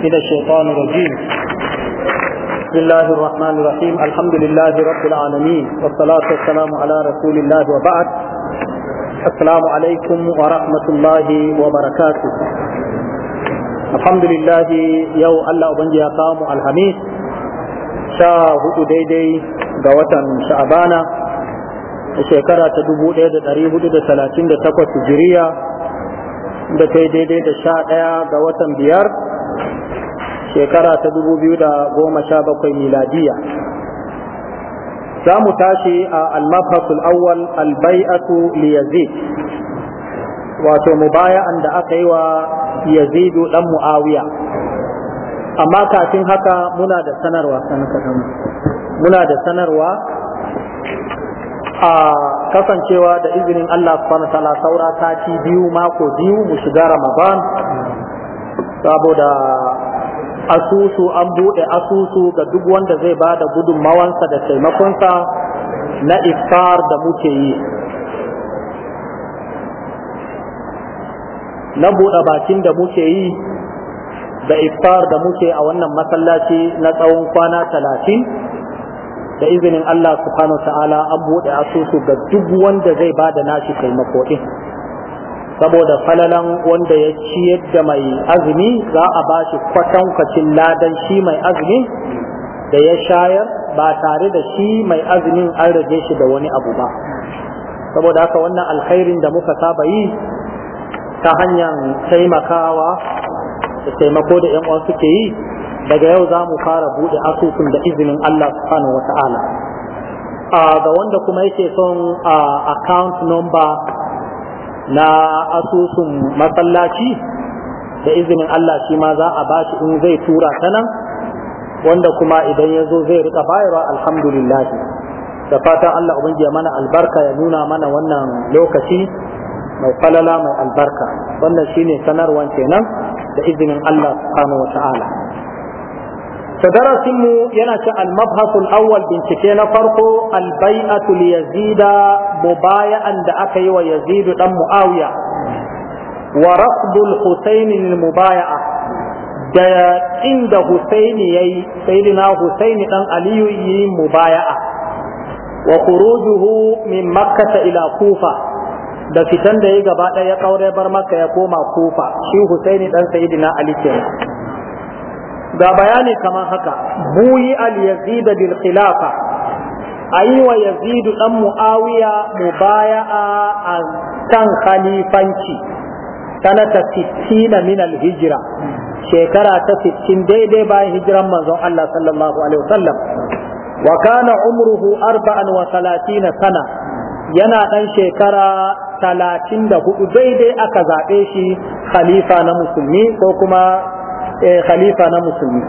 من الشيطان الرجيم بسم الله الرحمن الرحيم الحمد لله رب العالمين والصلاة والسلام على رسول الله وبعد السلام عليكم ورحمة الله وبركاته الحمد لله يو الله أبنجي يقام الحميد شاه ديدي قوة شعبانا shekara ta 1438 hijiriya da ta daidai da sha ɗaya ga watan biyar shekara ta dubu biyu da goma sha bakwai miladiya za mu tashi a almafasul awwal albai'atu li yazid wato mu mubaya'an da aka yi wa yazidu dan mu'awiya amma kafin haka muna da sanarwa muna da sanarwa a kasancewa da izinin Allah subhanahu ta'ala saura sati biyu mako biyu mu shiga Ramadan saboda asusu an buɗe asusu ga duk wanda zai ba da gudunmawansa da taimakonsa na iftar da muke yi na buɗe bakin da muke yi da iftar da muke a wannan masallaci na tsawon kwana talatin da izinin Allah subhanahu ta'ala an buɗe asusu ga duk wanda zai ba da nashi taimako ɗin. saboda falalan wanda ya ciyar da mai azumi za a ba shi kwatankwacin ladan shi mai azumi da ya shayar ba tare da shi mai azumin an rage shi da wani abu ba saboda haka wannan alkhairin da muka saba yi ta hanyar taimakawa da taimako da yan uwa suke yi daga yau za mu fara buɗe asusun da izinin Allah subhanahu wa ta'ala ah, ga wanda kuma yake son ah, account number na asusun masallaci da izinin Allah shi ma za a bashi in zai tura ta nan wanda kuma idan ya zo zai rika bayarwa alhamdulillah da fatan Allah ubangiji ya mana albarka ya nuna mana wannan lokaci mai falala mai albarka wannan shine sanarwan kenan da izinin Allah subhanahu wa ta'ala to darasin yana ce al-mabhasul awwal bincike na farko al-bai'atu li yazida mubaya'an da aka yi wa yazidu dan muawiya wa rafdul husayn lil mubaya'a da inda husaini yayi saidina husaini dan aliyu yi mubaya'a wa khurujuhu min makkah ila kufa da fitan da ya gaba ɗaya ya kaure bar maka ya koma kufa shi husaini dan sayyidina ali kenan ga bayani kamar haka buyi al yazid bil khilafa ayi wa yazid dan muawiya mubaya'a a kan khalifanci sanata 60 min al hijra shekara ta 60 daidai bayan hijiran manzon Allah sallallahu alaihi wasallam wa kana umruhu 34 sana yana dan shekara 34 daidai aka zabe shi khalifa na musulmi ko kuma Eh, khalifa na musulmi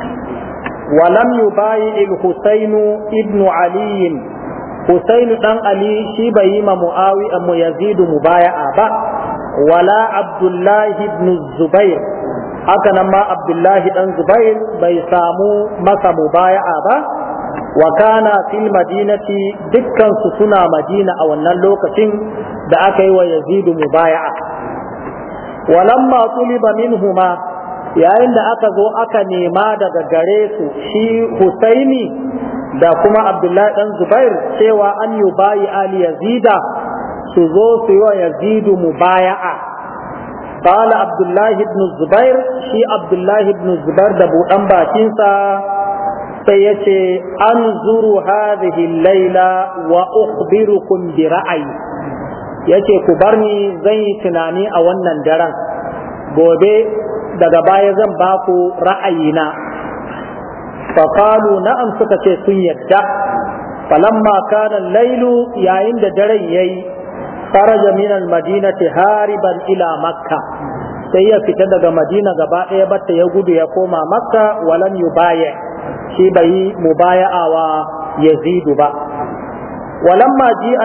walam yubayi al-husainu ibnu aliyin husainu dan ali shi bai yi ma muawiya mu yazidu mubaya'a ba wala abdullahi ibn zubair haka nan ma abdullahi dan zubair bai samu masa mubaya'a ba wa kana fil madinati dukkan su suna madina a wannan lokacin da aka yi wa yazidu mubaya'a walamma tuliba minhuma yayin da aka zo aka nema daga gare su shi husaini da kuma abdullahi ɗan zubair cewa an yi bayi ali yazida su zo su yi wa yazidu mubaya'a قال عبد الله بن الزبير شي عبد الله بن الزبير ده بودن sai yace anzuru hadhihi al-laila wa ukhbirukum bi ra'ayi yace ku bar ni zan yi tunani a wannan daren gobe daga baya zan ba ku ra'ayina faƙalu na suka ce sun yadda falamma kana lailu yayin da daren yayi faraja min ta hariban ila makka sai ya fita daga madina gaba ɗaya batta ya gudu ya koma makka walan yubaya shi bai mubaya'a wa yazidu ba ولما جاء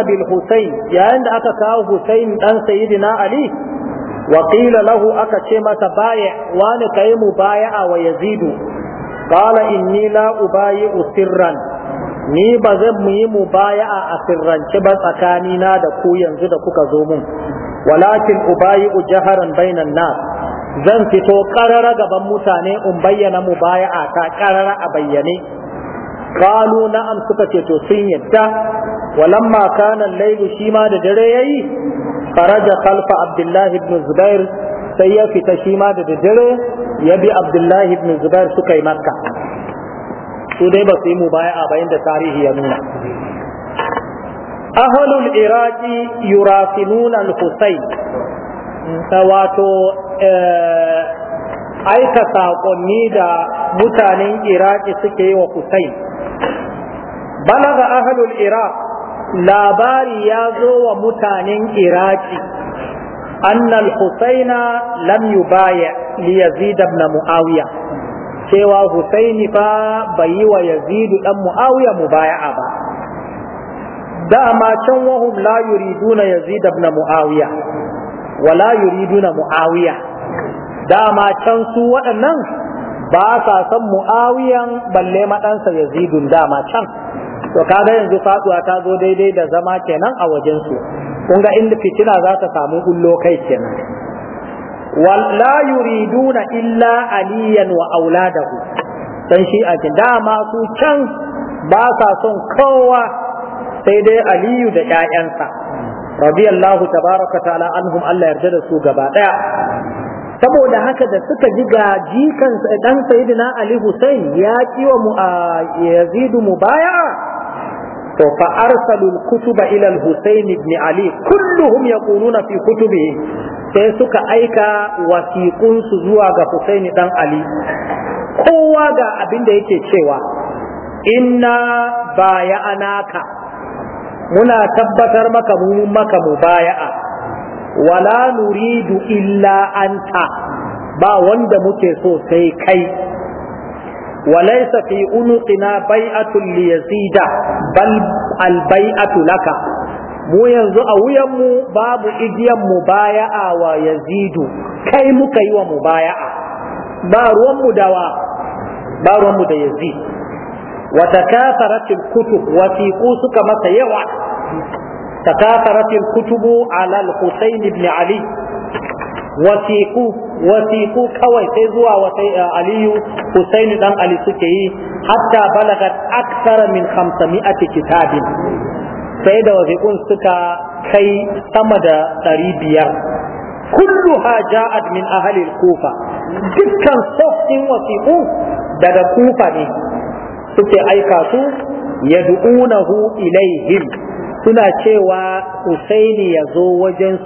yayin da aka kawo حسين dan سيدنا Ali? وقيل له أكتم تبايع وانا كيم بايع ويزيد قال إني لا أبايع سرا ni ba zan mu baya mubaya'a a asirrance ba tsakanina da ku yanzu da kuka zo mun walakin ubayi'u jaharan bainan na zan fito karara gaban mutane in bayyana mubaya'a ta karara a bayyane qalu na'am suka ce to sun yadda walamma kana al-layl shi ma da dare yayi faraja khalfa abdullah ibn zubair sai ya fita shi ma da dare ya bi ibn suka yi su dai ba su yi a bayan da tarihi ya nuna ahalul iraqi yurafinuna al-husayn wato aika saƙonni da mutanen iraki suke yi wa Hussein balaga ahlul iraq labari ya zo wa mutanen iraki annal husaina lam yubaya li yazid ibn muawiya cewa husaini fa bai yi wa yazid dan muawiya mubaya'a ba dama can wahum la yuriduna yazid ibn muawiya wala yuriduna muawiya dama can su waɗannan ba sa san muawiyan balle maɗansa yazidun dama can to kaga yanzu faduwa ta zo daidai da zama kenan a wajen su kun ga inda fitina za ta samu kullo kai kenan walla yuriduna illa aliyan wa auladahu dan shi a dama su can ba sa son kowa sai dai aliyu da ƴaƴansa radiyallahu tabaraka ta'ala anhum Allah yarda da su gaba daya saboda haka da suka ji ga jikan dan sayyidina ali husain ya kiwa mu a yazidu mubaya to fa arsalu kutuba ila al husain ibn Ali kulluhum yaquluna fi kutubi sai suka aika wasiqun su zuwa ga husain dan Ali kowa ga abin da yake cewa inna anaka, muna tabbatar maka mu maka mubaya'a wala nuridu illa anta ba wanda muke so sai kai walaysa fi unuqina bai'atun li yazida bal al bai'atu laka mu yanzu a wuyan mu babu igiyan mubaya'a wa yazidu kai muka yi wa mubaya'a ba ruwan mu dawa ba ruwan da yazid wa takatharat al kutub suka masa yawa تكاثرت الكتب على الحسين بن علي wasiku wasiku kawai sai zuwa wata aliyu husaini dan ali suke yi hatta balagat aksara min 500 kitabin sai da wasiqun suka kai sama da ɗari 500 kulluha ja'at min ahli kufa dukkan softin wasiqu daga kufa ne suke aika su yad'unahu ilaihim suna cewa Husaini ya zo wajen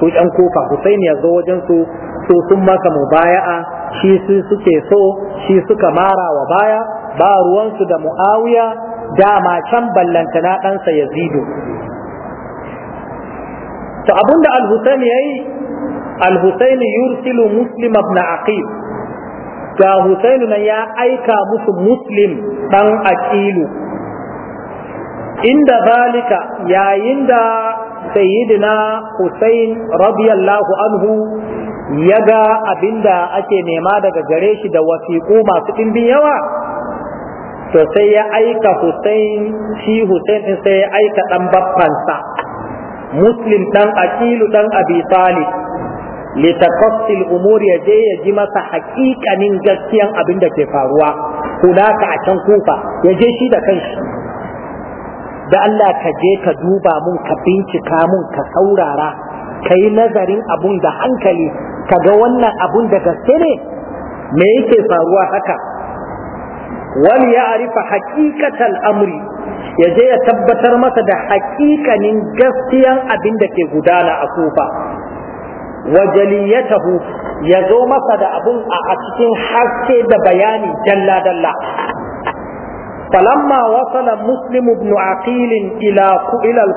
su ɗan kofa Husaini ya zo wajen su so sun maka baya'a, shi su suke so shi suka mara wa baya ba ruwansu da mu'awiya dama can ballantana ɗansa yazidu to abinda al-Husayn yayi al-Husayn yursilu Muslim ibn Aqil ga Hussaini nan ya aika musu Muslim dan Aqilu inda zalika yayin da sayyidina Hussein radiyallahu anhu ya ga abinda ake nema daga gare shi da wasiƙu masu ɗimbin yawa to sai ya aika Husain, shi Hussein sai ya aika ɗan baffansa Muslim ɗan Akilu ɗan Abi Talib litakassil umur ya je ya ji masa haƙiƙanin gaskiyan abin da ke faruwa ka a can kufa ya je shi da kanshi da Allah ka je ka duba mun ka bincika mun ka saurara ka yi nazarin abun da hankali ka ga wannan abun da gaske ne me yake faruwa haka wani ya arifa hakikatal amri ya je ya tabbatar masa da hakikanin gaskiyan abin da ke gudana a ya wajaliyatahu ya zo masa da abun a cikin haske da bayani dalla-dalla falamma wasala muslim ibn aqil ila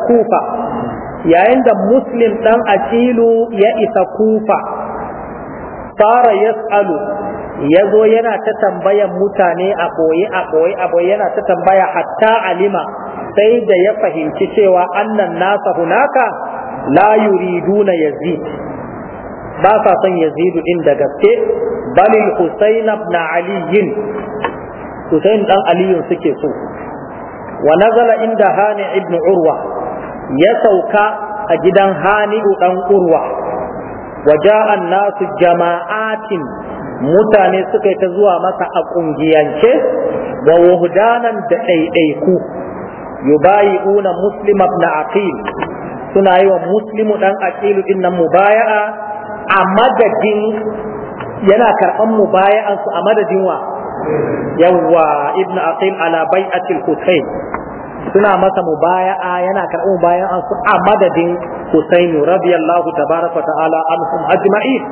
kufa yayin da muslim ɗan aqilu ya isa kufa fara yas'alu ya zo yana ta tambayan mutane a koyi a yana ta tambaya hatta alima sai da ya fahimci cewa annan nasa hunaka la yuriduna yazid ba son yazidu din da gaske balil husayn ibn ali Hussein dan Aliyu suke so wa nazala inda Hani ibn Urwa ya sauka a gidan Hani dan Urwa wa ja'an nasu jama'atin mutane suka ta zuwa masa a kungiyance wa wahdanan da ɗaiɗaiku yubayi'una muslim ibn aqil suna yi wa muslimu dan aqil inna mubaya'a a madadin yana karɓan mubaya'ansu a madadin wa yawwa ibn aqim ala bai'atil husayn suna masa mubaya'a yana karɓar mubaya'an su a madadin husayn radiyallahu tabaraka ta'ala anhum ajma'in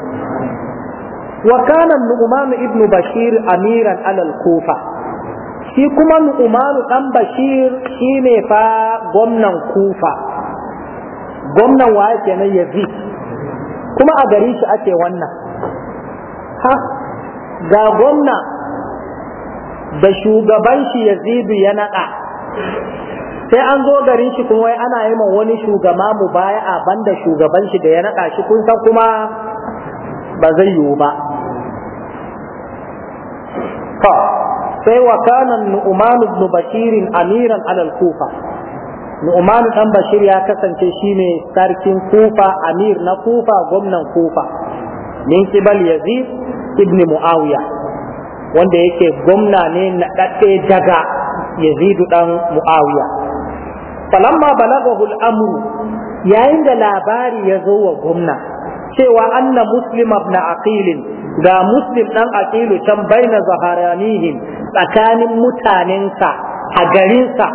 wa kana nu'man ibn bashir amiran ala al-kufa shi kuma nu'man dan bashir shine fa gwamnan kufa gwamnan wa kenan yazid kuma a gari shi ake wannan ha ga gwamna da shugaban shi yazidu ya naɗa sai an zo garin shi kuma ana yi wani shugaba mu baya a banda shugaban shi da ya naɗa shi kun san kuma ba zai yiwu ba to sai wa kana nu'man ibn bashir amiran alal kufa nu'man dan bashir ya kasance shine sarkin kufa amir na kufa gwamnan kufa min kibal yazid ibn muawiya wanda yake gwamna ne na ɗaɗɗe daga yazidu ɗan mu'awiya falamma balagahu al'amru yayin da labari ya zo wa gwamna cewa anna muslim ibn aqilin ga muslim ɗan aqilu can baina zaharanihim tsakanin mutanensa a garinsa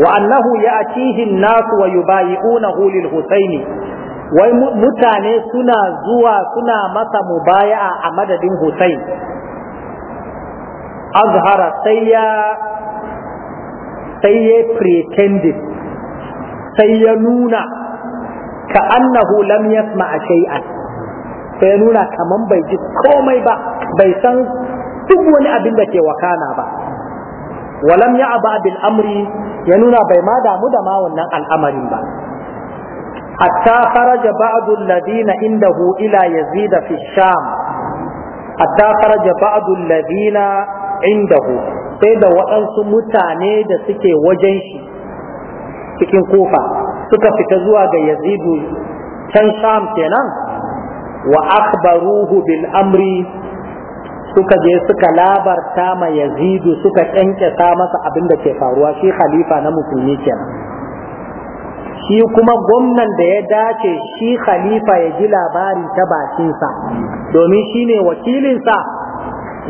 wa annahu ya an-nas wa yubayi'unahu lil husaini wai mutane suna zuwa suna masa mubaya'a a madadin husain azhara sai ya sai ya pretended sai ya nuna ka annahu lam yasma shay'an sai ya nuna kaman bai ji komai ba bai san duk wani abin da ke wakana ba walam ya aba bil amri ya nuna bai ma damu da ma wannan al'amarin ba hatta faraja ba'd alladhina indahu ila yazid fi sham hatta faraja ba'd alladhina indahu sai da waɗansu mutane da suke wajen shi cikin kofa suka fita zuwa ga yazidu can sham kenan wa akhbaruhu bil amri suka je suka labarta ma yazidu suka kyankyasa masa abin da ke faruwa shi khalifa na musulmi kenan shi kuma gwamnan da ya dace shi khalifa ya ji labari ta bakinsa domin shi ne wakilinsa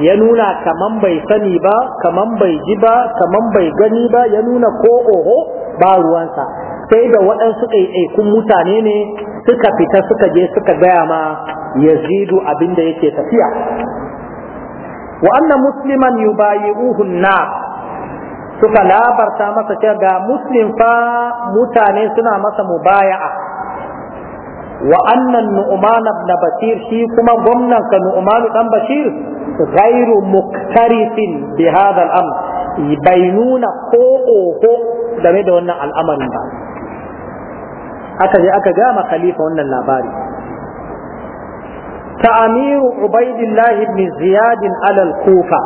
ya nuna kaman bai sani ba kaman bai ji ba kaman bai gani ba ya nuna ko oho ba ruwansa sai da waɗansu ɗaiɗaikun mutane ne suka fita suka je suka gaya ma zidu abin da yake tafiya wa anna musliman yubayi'uhu na suka labarta masa cewa ga muslim fa mutane suna masa mubaya'a wa annan nu'man bashir shi kuma gwamnan ka nu'man dan bashir ghairu muktarifin bi hadha bai nuna ko ko game da wannan al'amarin ba aka je aka gama khalifa wannan labari ta'amir ubaidillah ibn ziyad Alal kufa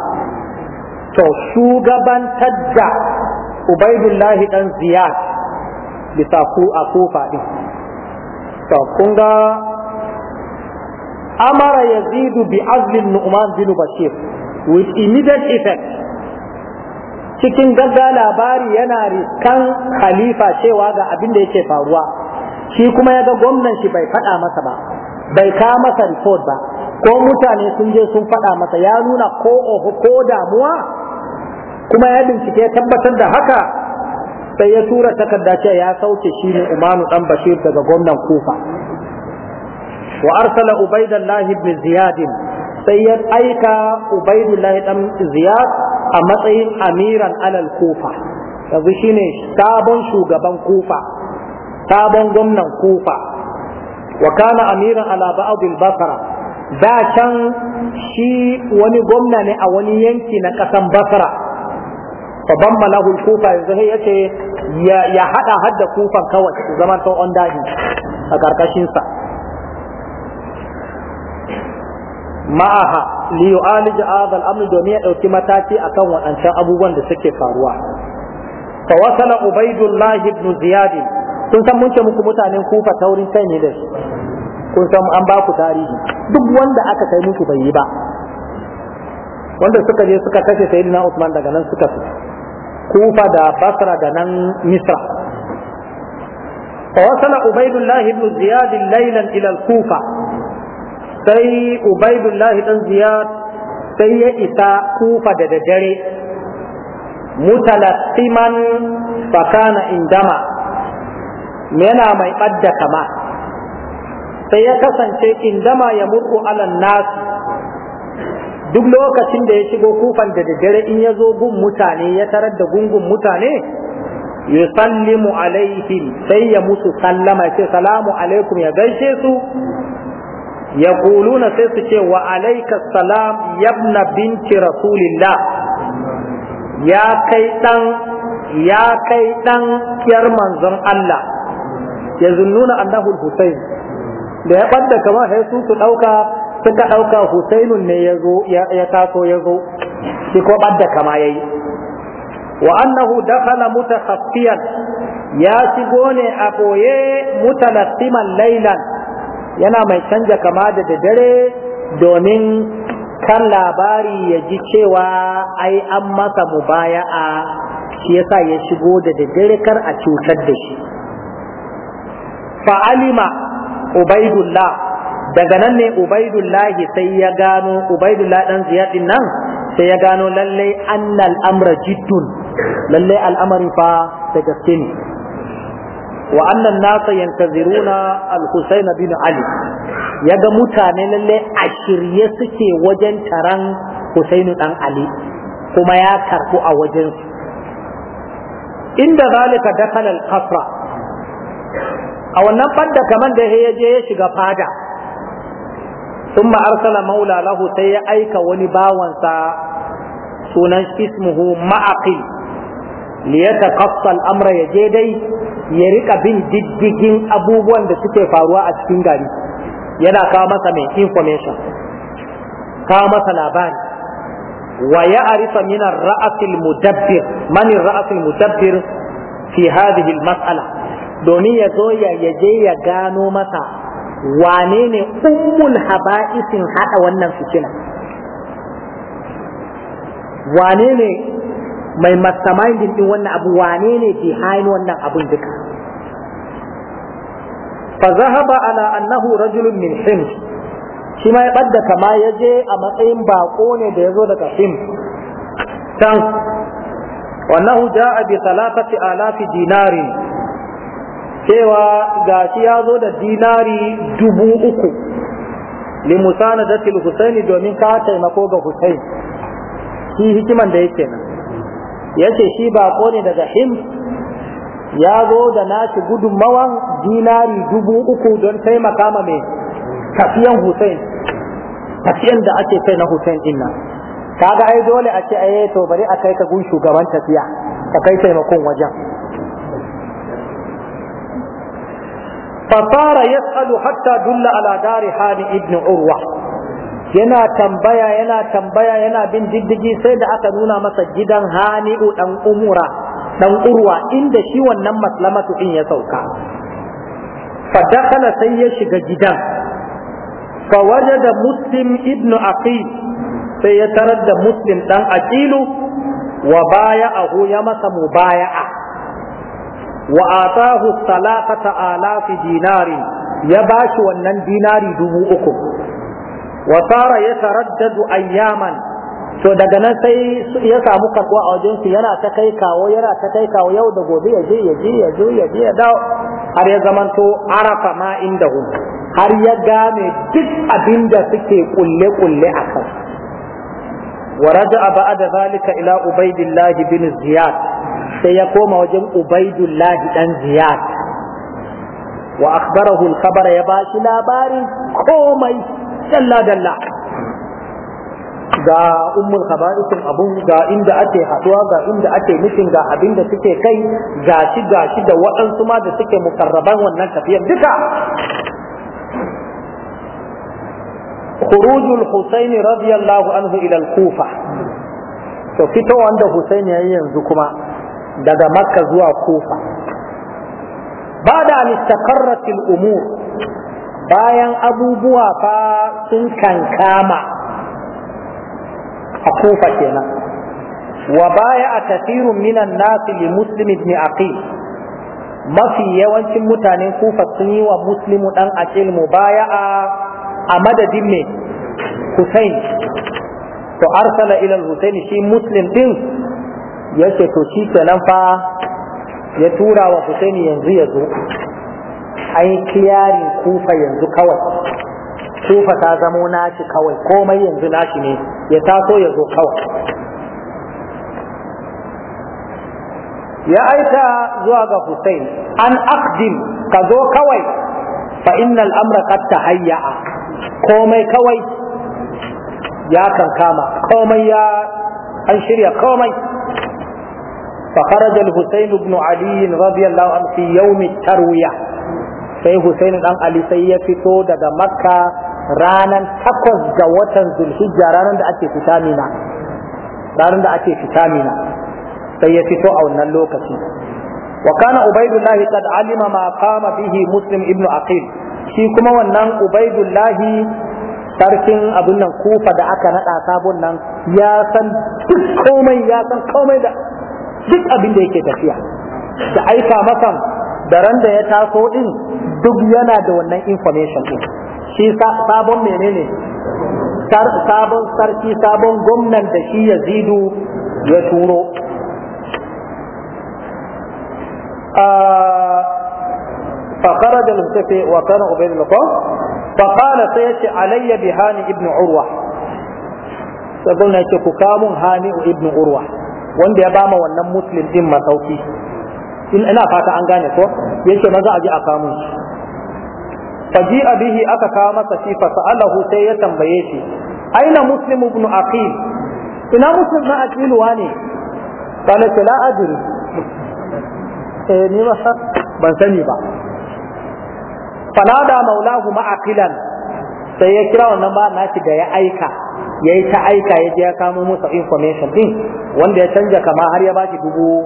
to shugaban tadda Ubaidullahi dan ziyad bisa a kufa ɗin. to kun ga amara yazidu bi azlin nu'man bin bashir with immediate effect cikin gagga labari yana kan khalifa cewa ga abin da yake faruwa shi kuma ya ga gwamnan shi bai faɗa masa ba bai ka masa report ba ko mutane sun je sun faɗa masa ya nuna ko oho ko damuwa kuma ya bincike tabbatar da haka sai ya tura takarda cewa ya sauke shi ne Umanu dan Bashir daga gwamnan Kufa wa arsala Ubaidullah ibn Ziyad sai ya aika Ubaidullah dan Ziyad a matsayin amiran alal Kufa yanzu shine sabon shugaban Kufa sabon gwamnan Kufa wa kana amiran ala ba'd al-Basra da can shi wani gwamna ne a wani yanki na ƙasan Basra fa bamma kufa yanzu yace ya haɗa hadda kufan kawai su zama ta on dahi a ƙarƙashinsa ma'aha liyu alija azal amri domin ya ɗauki mataki a kan waɗancan abubuwan da suke faruwa fa wasala ubaidullah ibn ziyad kun san mun muku mutanen kufa taurin kai ne da kun san an ba ku tarihi duk wanda aka kai muku bai yi ba wanda suka je suka kashe sayyidina usman daga nan suka fita kufa da basra da nan misra فوصل عبيد الله بن زياد ليلا إلى kufa. sai ubaidullahi dan ziyad sai ya isa kufa da dare mutalattiman fakana indama yana mai ɓadda kama sai ya kasance indama ya murku alan nasu duk lokacin da ya shigo kufan da daddare in ya zo gun mutane ya tarar da gungun mutane Ya sallimu alaihim sai ya musu sallama ya ce salamu alaikum ya gaishe su ya kuluna sai su ce wa alaika salam yabna binti rasulillah ya kai dan ya kai dan kiyar manzon Allah ya zunnuna annahu al-husayn da ya ɓadda kamar sai su su ɗauka suka ɗauka husainun ne ya taso ya zo shi ko ɓadda kama ya yi wa annahu dakhala mutakhaffiyan ya shigo ne a ɓoye mutalassiman lailan yana mai canja kama da dare domin kan labari ya ji cewa ai an masa mubaya'a shi yasa ya shigo da daddare kar a cutar da shi fa'alima ubaidullah daga nan ne ubaidullahi sai ya gano ubaidullahi dan ziyad nan sai ya gano lalle annal amra jiddun lalle al'amari fa da gaske ne wa annan nasa yantaziruna al-husayn bin ali ya ga mutane lalle a shirye suke wajen taran husainu dan ali kuma ya karbu a wajen inda zalika dakhala al-qasra a wannan fadda kamar da ya je ya shiga fada thumma arsala maula lahu sai ya aika wani bawansa sunan ismuhu ma'aqil liyataqassal amra ya je dai ya rika bin diddigin abubuwan da suke faruwa a cikin gari yana kawo masa mai information kawo masa labari wa ya arifa min ra'asil mudabbir man ra'asil mudabbir fi hadhihi al-mas'ala domin ya zo ya je ya gano masa wane ne ummul haba'isin hada wannan fitina wane ne mai mastermindin din wannan abu wane ne hain wannan abun duka fa zahaba ala annahu rajulun min hin shi ma ya badda kama ya je a matsayin bako ne da ya zo daga hims can hujja ja'a bi salatati alafi dinarin cewa gashi ya zo da dinari dubu uku da til husaini domin ka taimako ga husain shi hikiman da yake nan yace shi bako ne daga him ya zo da nashi gudunmawan dinari dubu uku don taimaka ma mai tafiyan husain tafiyan da ake kai na husain dinna kaga ai dole a ce ai to bari a kai ka gun shugaban tafiya ka kai taimakon wajen fasara yas'alu hatta dulla على دار ibn urwa yana tambaya yana tambaya yana bin diddigi sai da aka nuna masa gidan hani'u dan umura dan urwa inda shi wannan maslamatu in ya sauka Fa fadakala sai ya shiga gidan Fa muslim sai ibnu فوجد da muslim عقيل سيترد wa baya عقيل ya masa mubaya'a wa atahu salaqata alafi dinarin ya bashi wannan dinari dubu uku wa sara yataraddadu ayyaman to daga nan sai ya samu karbuwa a wajensu yana ta kai kawo yana ta kai kawo yau da gobe ya je ya je ya je ya je ya dawo har ya zamanto arafa ma inda hu har ya game duk abin da suke kulle kulle a kan ورجع بعد ذلك إلى عبيد الله bin Ziyad. sai ya koma wajen ubaidullahi dan ziyad wa akhbarahu al-khabar ya bashi labarin komai dalla dalla ga ummul khaba'isin abun ga inda ake haduwa ga inda ake mutum ga abin da suke kai ga shi ga shi da waɗansu ma da suke mukarraban wannan tafiyar duka خروج الحسين رضي الله عنه إلى الكوفة to fito wanda Hussein ya yi yanzu kuma daga makka zuwa kufa ba da alistakarratin umur bayan abubuwa fa sun kankama a kufa kenan wa baya a tafirun minan nasi li muslim ibn aqil mafi yawancin mutanen kufa sun yi wa muslimu dan aqil mubaya'a a madadin mai Hussein to arsala ila Hussein shi muslim din ya ce to shi kenan fa ya tura wa Husaini yanzu ya zo an yi kiyarin kufa yanzu kawai kufa ta zamo nashi kawai komai yanzu nashi ne ya taso ya zo kawai ya aika zuwa ga Hussein an aqdim ka zo kawai fa innal amra qad tahayya'a komai kawai ya kankama komai ya an shirya komai فخرج الحسين بن علي رضي الله عنه في يوم التروية sai Hussein dan Ali sai ya fito daga Makka ranar takwas ga watan Zulhijja ranan da ake da ake fita sai ya fito a wannan lokaci wa kana Ubaydullahi qad alima ma qama bihi Muslim ibn Aqil shi kuma wannan Ubaydullahi sarkin abin nan Kufa da aka nada sabon nan ya san komai ya san komai da duk abin da yake tafiya da aika masa da ran da ya taso din duk yana da wannan information din shi sabon menene sabon sarki sabon gwamnan da shi ya zidu ya turo فخرج المختفي وكان عبيد الله فقال سيأتي علي بهاني ابن عروة فقلنا يتكو كامو هاني ابن عروة wanda ya bama wannan muslim din masauki ina fata an gane ko yace maza a ji a kamu shi faji'a bihi aka kawo masa shi fa sa'alahu sai ya tambaye shi aina muslim ibn aqil ina muslim na aqil wane kana ce la adri eh ni ba ban sani ba fanada maulahu ma'aqilan sai ya kira wannan ba na shi da ya aika ya yi ta aika ya je ya kamo musa information din wanda ya canja kama har ya bashi dubu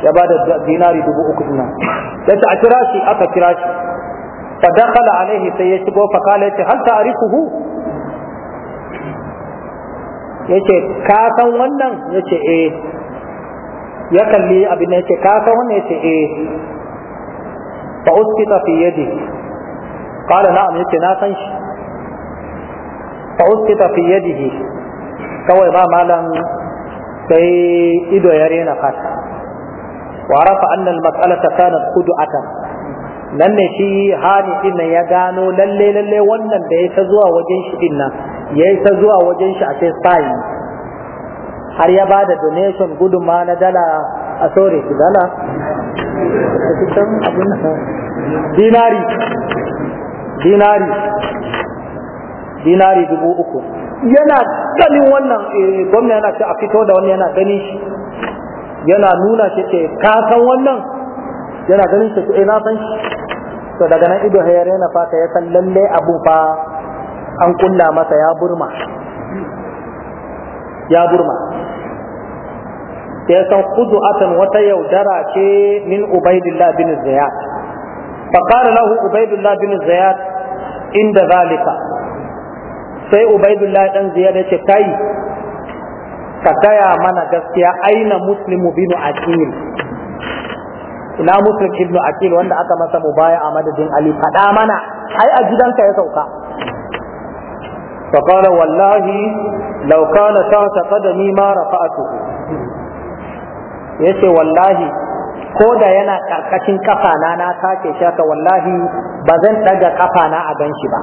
ya ba da dinari dubu uku dinar ya ta a kira shi aka kira shi fa dakhala alaihi sai ya shigo fa kala yace hal ta'rifuhu yace ka san wannan yace eh ya kalli abin da yace ka san wannan yace eh fa usqita fi yadi qala na'am yace na san shi fa uskita fi yadihi kawai ba malam sai ido ya rena fata wa rafa anna al-mas'alata kanat qud'atan nan ne shi hani din ya gano lalle lalle wannan da ya ta zuwa wajen shi din nan ya ta zuwa wajen shi a sai sai har ya ba da donation guduma na dala a shi dala dinari dinari dinari dubu uku yana ganin wannan eh, gwamna yana ce a fito da wani yana ganin shi yana nuna shi ce ka san wannan yana ganin shi ce eh, na san shi to daga nan ido hayar yana fata ya san lalle abu fa an kulla masa ya burma ya burma ya san kudu atan wata yaudara ce min ubaidillah bin ziyad fa له lahu ubaidullah bin زياد inda zalika sai ubaidullahi dan ziyada ce kai ka gaya mana gaskiya aina muslimu binu aqil ina muslim ibnu aqil wanda aka masa mubaya a madadin ali faɗa mana ai a gidanka ya sauka فقال والله لو كان تحت قدمي ما رفعته yace wallahi ko da yana karkashin kafana na take shaka wallahi ba zan daga kafana a ganshi ba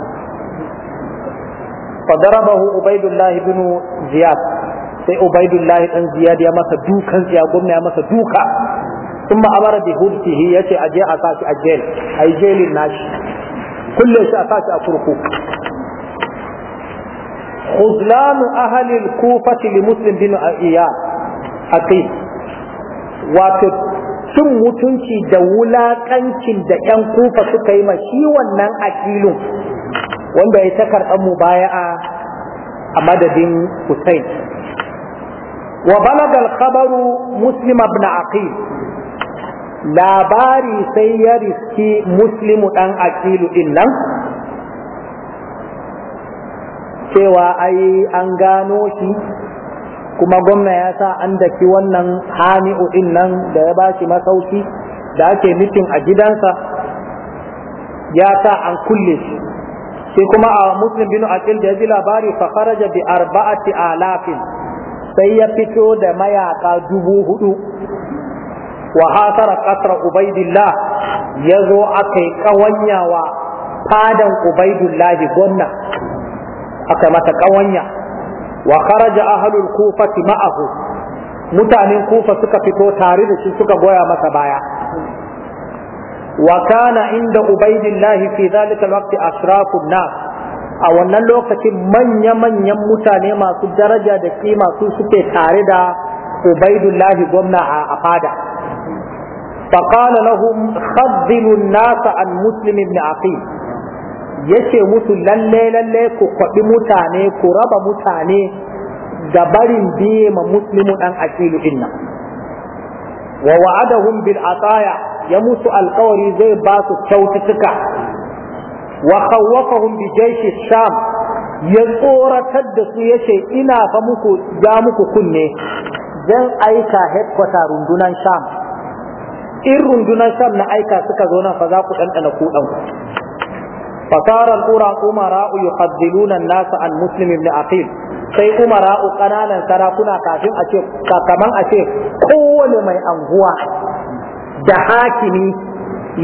فضربه عبيد الله بن زياد sai ubaidullahi dan ziyad ya masa dukan ya gwamna ya masa duka thumma amara bi hulkihi yace a je a sashi a jail ai jailin nashi kulle shi a sashi a خذلان أهل الكوفة لمسلم بن إياد أقيل wato cin mutunci da wulaƙancin da ‘yan kufa suka yi ma shi wannan akilun wanda ya ta karɓar baya a madadin Hussein wa balaga al-khabaru muslim ibn aqil labari sai ya riski muslimu dan aqilu din nan cewa ai an gano shi kuma gwamna ya sa an daki wannan hami'u din nan da ya bashi masauki da ake mitin a gidansa ya sa an kulle shi Sai kuma a muslim bin aqil da ji labari fa kharaja bi arba'ati alafin sai ya fito da mayaka dubu hudu wa hasara qasra ubaidillah yazo akai wa fadan ubaidillah gonna aka mata kawanya wa kharaja ahlul kufati ma'ahu mutanen kufa suka fito tare da shi suka goya masa baya وكان عند عبيد الله في ذلك الوقت أشراف الناس a wannan lokacin manya-manyan mutane masu daraja da kima su suke tare da ubaidullahi gwamna a fada faƙala lahum khadzilun nasa an muslimin na afi yace musu lalle lalle ku kwaɓi mutane ku raba mutane da barin biye ma muslimu ɗan aqilu inna wa wa'adahum bil ataya ya musu alkawari zai ba su kyaututtuka wa khawwafahum bi jayshi sham ya tsoratar da su yace ina fa muku ya muku kunne zan aika headquarter rundunan sham in rundunan sham na aika suka zo nan fa za ku ɗanɗana kuɗan فصار القرى أمراء يفضلون الناس عن مسلم بن عقيل sai umara'u ƙananan sarakuna kafin a ce kaman a ce kowane mai anguwa da hakimi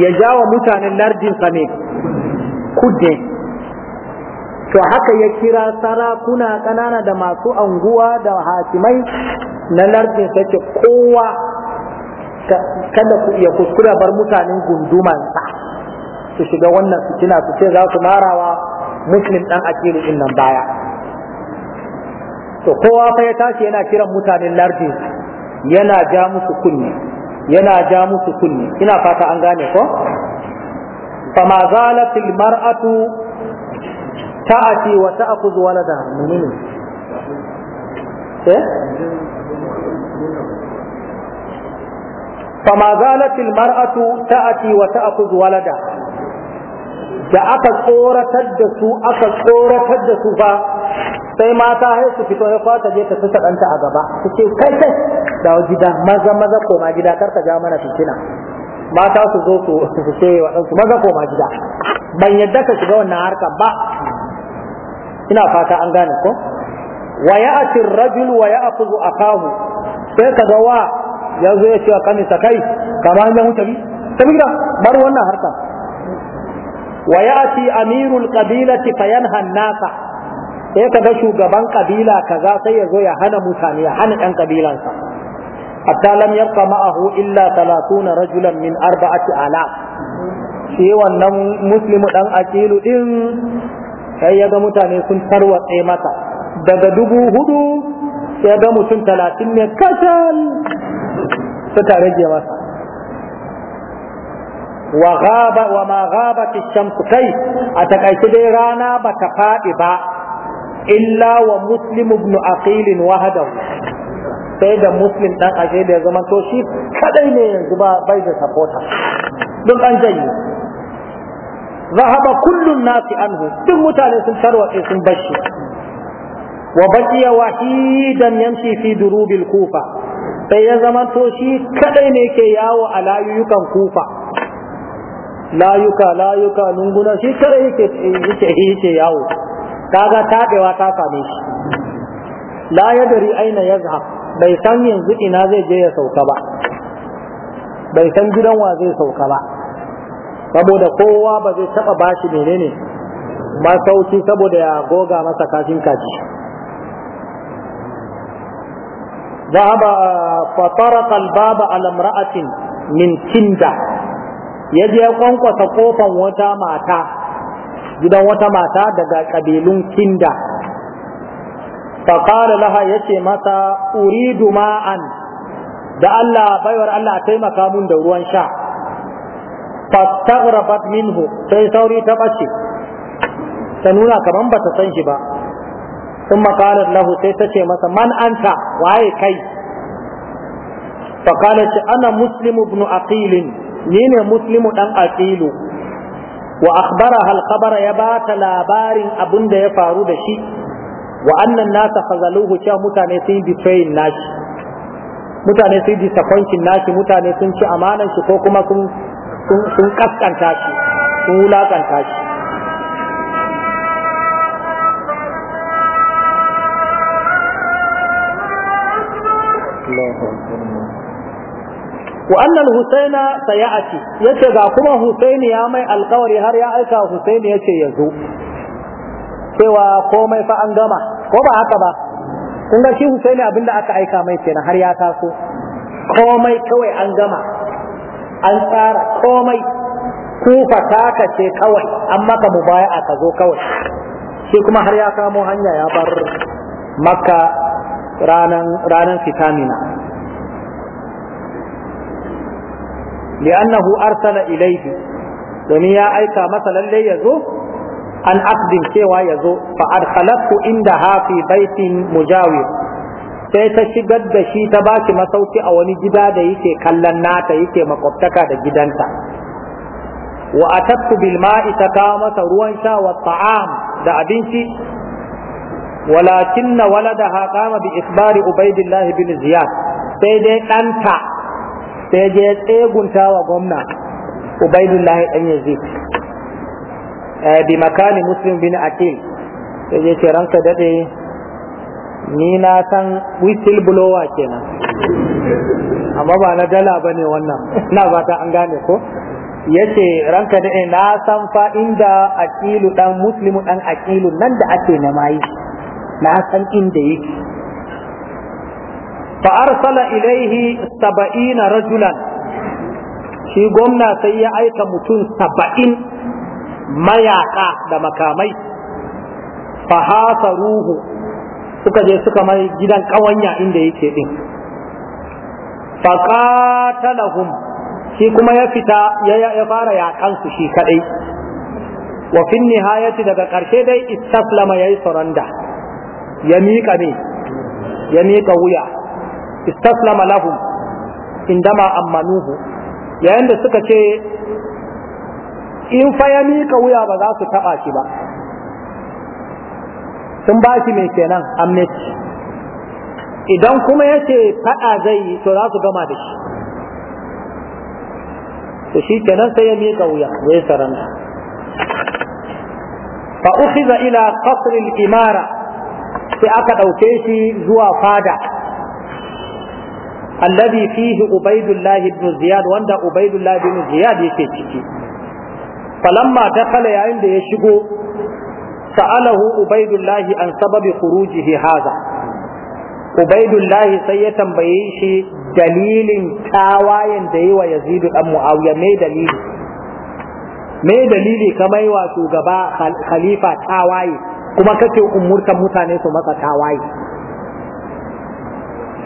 ya jawa mutanen lardin same kudde to haka ya kira sarakuna kanana da masu anguwa da hakimai na lardin sake kowa kada ya kuskura bar mutanen gundumansa su shiga wannan fitina su ce za su marawa muslim ɗan akiru din nan baya to kowa fa ya tashi yana kiran mutanen lardin yana ja musu kunne yana ja musu kunni ina fata an gane ko fama zalatil mar'atu ta'ati wa ta'khudhu walada menene eh fama zalatil mar'atu ta'ati wa ta'khudhu walada da aka tsoratar da su aka tsoratar da su fa sai mata sai su fito ya kwata je ta saka ɗanta a gaba su ce kai kai Da gida maza maza koma gida kar ka ja mana fitina mata su zo su su ce waɗansu maza koma gida ban yadda ka shiga wannan harkar ba ina fata an gane ko wa ya'ti ar rajul wa ya'khudhu akahu sai ka ga wa ya zo ya ce wa kanisa kai kamar ya mutabi tabi gida bar wannan harkar wa ya'ti amirul qabilati fayanha an-nasa sai ka ga shugaban kabila kaza sai ya zo ya hana mutane ya hana ɗan kabilansa hatta lam yabqa ma'ahu illa 30 rajulan min arba'ati alaf shi wannan muslimu dan akilu din sai ya ga mutane sun tarwatse masa daga dubu hudu sai ya ga mutum talatin ne kacal suka rage masa wa gaba wa ma gaba kai a takaice dai rana ba ta faɗi ba illa wa muslim ibn aqil wahdahu sai da muslim dan ashe da ya zama to kadai ne yanzu bai da supporter duk an janye zahaba kullum nasi anhu duk mutane sun tarwatse sun bashi wa baqiya wahidan yamshi fi durubil kufa sai ya zama to kadai ne ke yawo a layukan kufa layuka layuka lunguna shi kadai yake yake yawo kaga tabewa ta same shi la yadri aina yazhab bai san yanzu ina zai je ya sauka ba bai san gidan wa zai sauka ba saboda kowa ba zai taba bashi menene masauki saboda ya goga masa kafin kaji ذهب فطرق الباب على امرأة من كندا يجي يقنق ƙofan wata mata. gidan wata mata daga ƙabilun kinda faƙara laha ya ce masa uridu ma'an da Allah baiwar Allah a taimaka mun da ruwan sha fastagrafat minhu sai sauri ta ɓace ta nuna kamar ba ta san shi ba sun makalar lahu sai ta ce masa man anta waye kai faƙalar ce ana muslimu ibn aqilin ni ne muslimu ɗan aqilu وأخبرها الخبر يبات لا بار أبن دي فارو دشي وأن الناس فزلوه شا متانسين بفعي الناس متانسين دي سفنش الناس متانسين شا أمانا شكوكما كن كن كف كان تاشي كان تاشي الله أكبر wa annal husaina sayati yace ga kuma husaini ya mai alkawari har ya aika husaini yace ya zo cewa komai fa an gama ko ba haka ba kun ga shi husaini abinda aka aika mai kenan har ya taso komai kawai an gama an tsara komai kufa taka ce kawai an maka mubaya'a ka zo kawai shi kuma har ya kamo hanya ya bar makka ranan ranan fitamina li'annahu arsala ilayhi domin ya aika masa lallai ya zo an aqdin cewa ya zo fa adkhalatu inda hafi baitin mujawir sai ta shigar da shi ta bashi masauki a wani gida da yake kallon nata yake makwabtaka da gidanta wa atattu bil ma'i ta kawo masa ruwan sha wa ta'am da abinci walakinna waladaha qama bi isbari ubaidillahi bin ziyad sai dai ɗanta sai je tsegunta wa gwamna ubaidullahi dan yazid eh, bi makani muslim bin atil sai je ce ranka dade ni na san whistle blower kenan amma ba na dala bane wannan na ta an gane ko yace ranka dade na san fa inda atilu dan muslimu dan atilu nan da ake na mayi na san inda yake fa arsala ilaihi saba'ina rajulan shi gwamna sai ya aika mutum saba'in mayaƙa da makamai fa suka je suka mai gidan ƙawanya inda yake ɗin fa qatalahum shi kuma ya fita ya fara yaƙansu shi kaɗai wa fin nihayati daga ƙarshe dai istaslama yayi soranda ya miƙa ne ya miƙa wuya istaslama lahum indama ammanuhu yayin da suka ce in fa ya mika wuya ba za su taba shi ba sun mai kenan idan kuma ya ce faɗa zai yi to za su gama da shi to shi kenan sai ya mika wuya zai saranda fa ukhiza ila qasr imara sai aka ɗauke shi zuwa fada alladhi fihi ubaidullah ibn ziyad wanda ubaidullah ibn ziyad yake ciki falamma dakala yayin da ya shigo sa'alahu ubaidullah an sababi khurujihi hadha ubaidullah sai ya tambaye shi dalilin tawayen da yi wa yazidu dan muawiya me dalili me dalili kamar wa shugaba khalifa tawaye kuma kake umurtan mutane su masa tawaye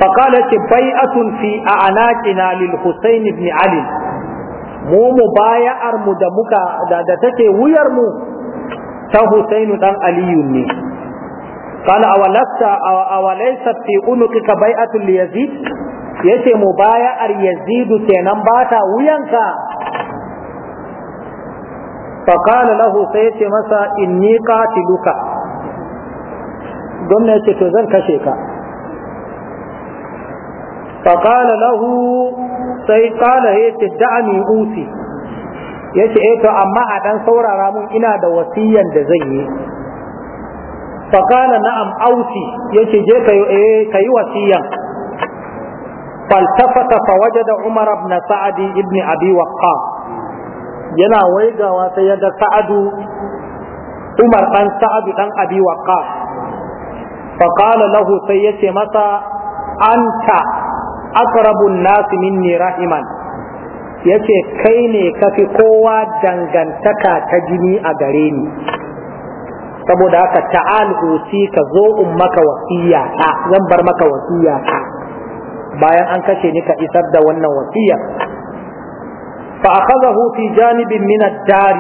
فقالت بيعة في أعناقنا للحسين بن علي mu mubaya'ar mu da muka da take wuyar mu ta Husainu dan Aliyu ne قال أولست أوليس في أنقك بيعة ليزيد yace mubaya'ar yazidu kenan bata ta wuyanka faƙala lahu sai yace masa inni qatiluka gwamna to zan kashe ka faƙala lahu sai ƙala ya ce da'ani usi ya ce to amma a ɗan saurara mun ina da wasiyan da zan yi faƙala na'am ausi ya ce je ka yi wasiyan faltafata fa da umar ibn sa'adi ibn abi waqqas yana waigawa sai ya ga sa'adu umar dan sa'adu ɗan abi waqqas faƙala lahu sai ya ce masa anta akrabun nasi minni rahiman yace kai ne kafi kowa dangantaka ta jini a gare ni saboda haka ta'al ka zo in maka wasiya ta zan bar maka wasiya ta bayan an kashe ni ka isar da wannan wasiya fa akhadahu fi janibin min ad-dar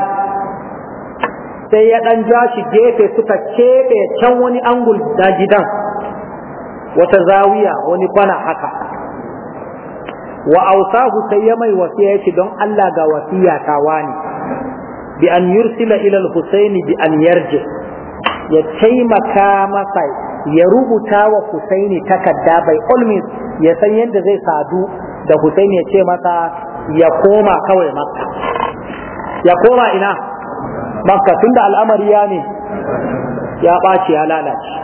sai ya dan ja shi gefe suka kebe can wani angul da gidan wata zawiya wani kwana haka wa ausahu sai ya mai wasiya yace don Allah ga wasiya ta wani bi an yursila ila al-Husaini bi an yarji ya taimaka masa ya rubuta wa Husaini takarda bai ulmi ya san yadda zai sadu da Husaini ya ce masa ya koma kawai Makka ya koma ina Makka tunda al'amari ya ne ya ɓaci ya lalace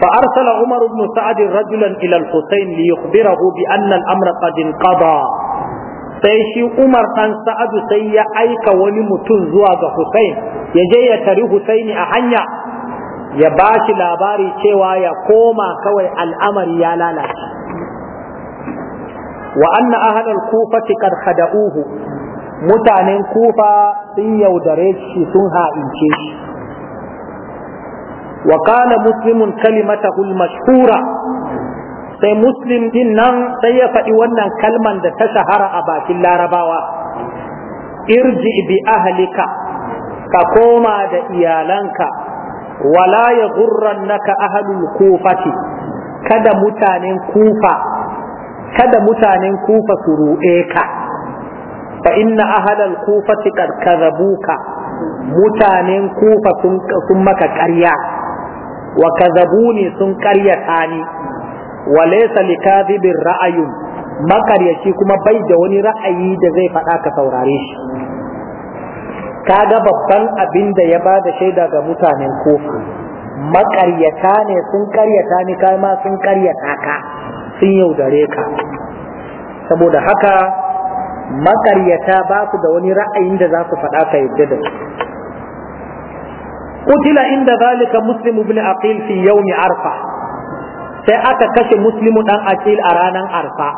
فأرسل عمر بن سعد رجلا إلى الحسين ليخبره بأن الأمر قد انقضى sai shi Umar ɗan Sa'adu sai ya aika wani mutum zuwa ga Hussein ya je ya tari Husaini a hanya ya ba shi labari cewa ya koma kawai al'amari ya lalace wa anna ahlal kufati qad khada'uhu mutanen kufa sun yaudare shi sun ha'ince shi wa qala muslimun kalimatahu al sai muslim din nan sai ya faɗi wannan kalman da ta shahara a bakin larabawa irji bi ahlika ka koma da iyalanka wala ya naka ahlul kufati kada mutanen kufa kada mutanen kufa su ruɗe ka fa inna ahlal kufati qad mutanen kufa sun maka ƙarya Wakazabu ne sun karyata ni wa laysa likadhibir ra'ayun makaryaci kuma bai da wani ra'ayi da zai faɗa ka saurare shi kaga babban abin da ya ba da shaida ga mutanen kofi Maƙaryata ne sun karyata ni kai ma sun karya ka sun yaudare ka saboda haka maƙaryata ba su da wani ra'ayin da za su faɗa ka yadda da qutila inda zalika muslim ibn aqil fi yawmi arfa sai aka kashe muslimu dan aqil a ranar arfa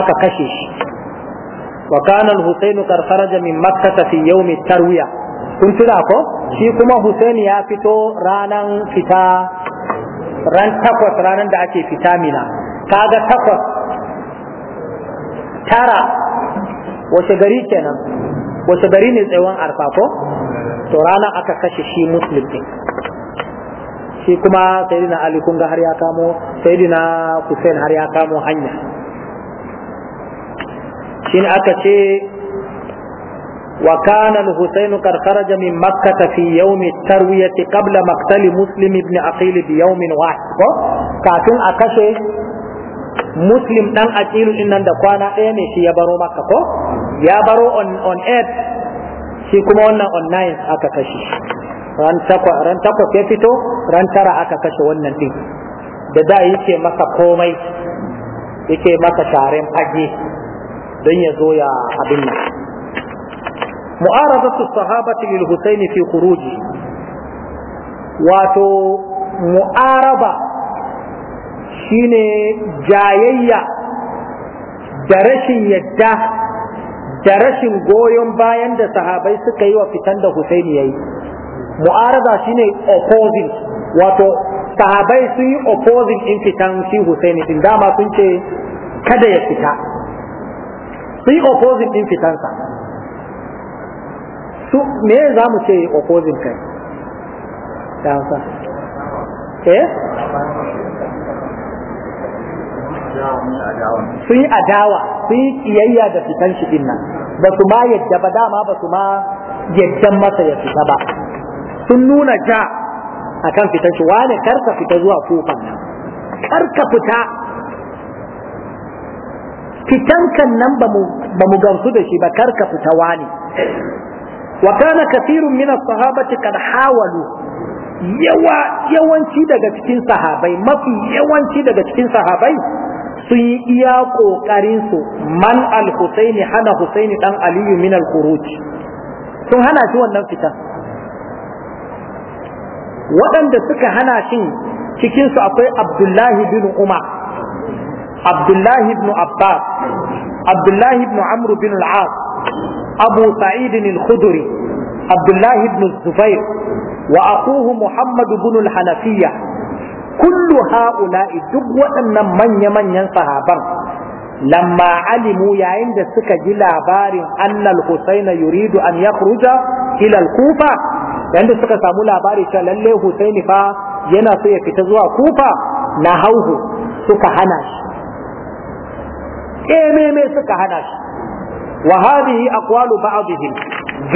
aka kashe shi wa kana al-husayn qad kharaja min makkah fi yawmi tarwiya kun tira ko shi kuma husayn ya fito ranan fita ran takwas ranan da ake fita mina kaga takwas tara wace gari kenan wace gari ne tsawon arfa ko to rana aka kashe shi muslim din shi kuma sayyidina ali kun ga har ya kamo sayyidina hussein har ya kamo hanya shi ne aka ce wa kana al-husayn qad kharaja min makkah fi yawm at-tarwiyah qabla maqtal muslim ibn aqil bi yawm wahid ko kafin a kashe muslim dan aqilu din nan da kwana ɗaya ne shi ya baro makka ko ya baro on on 8 shi kuma wannan online aka kashe ran takwas ran ya fito ran tara aka kashe wannan din da da yake maka komai yake maka sharen fage don ya zo ya abin nan mu'aradatu sahabati lil husayn fi khuruji wato mu'araba shine jayayya da rashin yadda da rashin goyon bayan da sahabai suka yi wa fitan da Husaini yayi mu'arada shine opposing wato sahabai sun yi opposing in fitan shi Husaini din dama sun ce kada ya fita sun yi opposing in fitansa su me za mu ce opposing kai da sa eh sun yi adawa sun yi kiyayya da fitan shi din nan ba su ma yadda ba dama ba su ma yaddan masa ya fita ba sun nuna ja kan fitar shi wane karka fita zuwa kofan nan karka fita kan nan ba mu gamsu da shi ba karka fita wane wa kana kathirun min as-sahabati kad hawalu yawa yawanci daga cikin sahabai mafi yawanci daga cikin sahabai sun yi iya ƙoƙarinsu su man al-husaini hana husaini dan aliyu min al sun hana shi wannan fitan waɗanda suka hana shi cikin su akwai abdullahi bin umar abdullahi bin abbas abdullahi bin amr bin al-as abu sa'id al-khudri abdullahi bin zubair wa akuhu muhammad bin al kullu ha'ula'i duk waɗannan manya-manyan sahaban lamma alimu yayin da suka ji labarin annal husaina yuridu an yakhruja kufa yayin da suka samu labari cewa lalle husaini fa yana so ya fita zuwa kufa na hauhu suka hana shi kememe eh, suka hana shi wa hadhihi aqwalu ba'dihim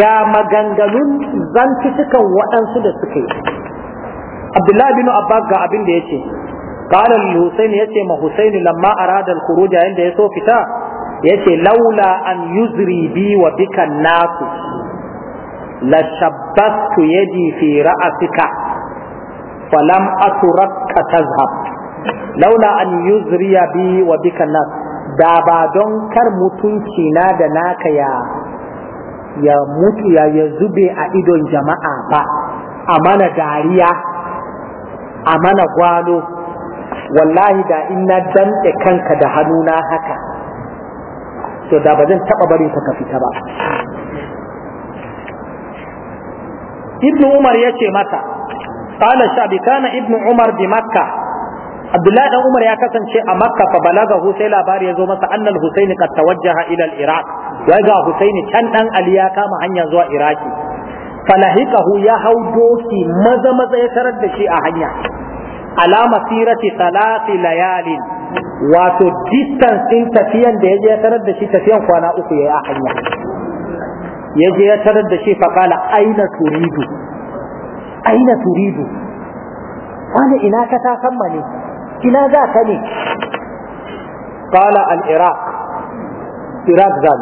ga maganganun zantukan waɗansu da suke abdullahi bin abbas ga abin da yace qala al ya yace ma Hussaini lamma arada al-khuruj ya so fita yace laula an yuzri bi wa bika nasu la shabbastu yadi fi ra'sika falam aturaka tazhab laula an yuzri bi wa bika nasu. da ba don kar mutunci na da naka ya ya mutu ya, ya zube a idon jama'a ba a mana dariya a mana gwalo wallahi da in na danɗe kanka da hannuna haka to da ba zan taɓa barin ka fita ba ibnu umar ya ce mata qala shabi kana ibnu umar bi makka Abdullahi dan Umar ya kasance a Makka fa balagahu sai labari ya zo masa annal Husaini qad tawajjaha ila al-Iraq wai ga Husaini can dan Ali ya kama hanyar zuwa Iraki falahiqahu ya hau doki maza maza ya tarar da shi a hanya على مسيرة ثلاث ليال واتو ديستانسين تفيان يجي يترد شي تفيان فانا اوكي يا يجي يترد شي فقال اين تريد اين تريد قال انا كتا انا ذاتني قال العراق العراق ذا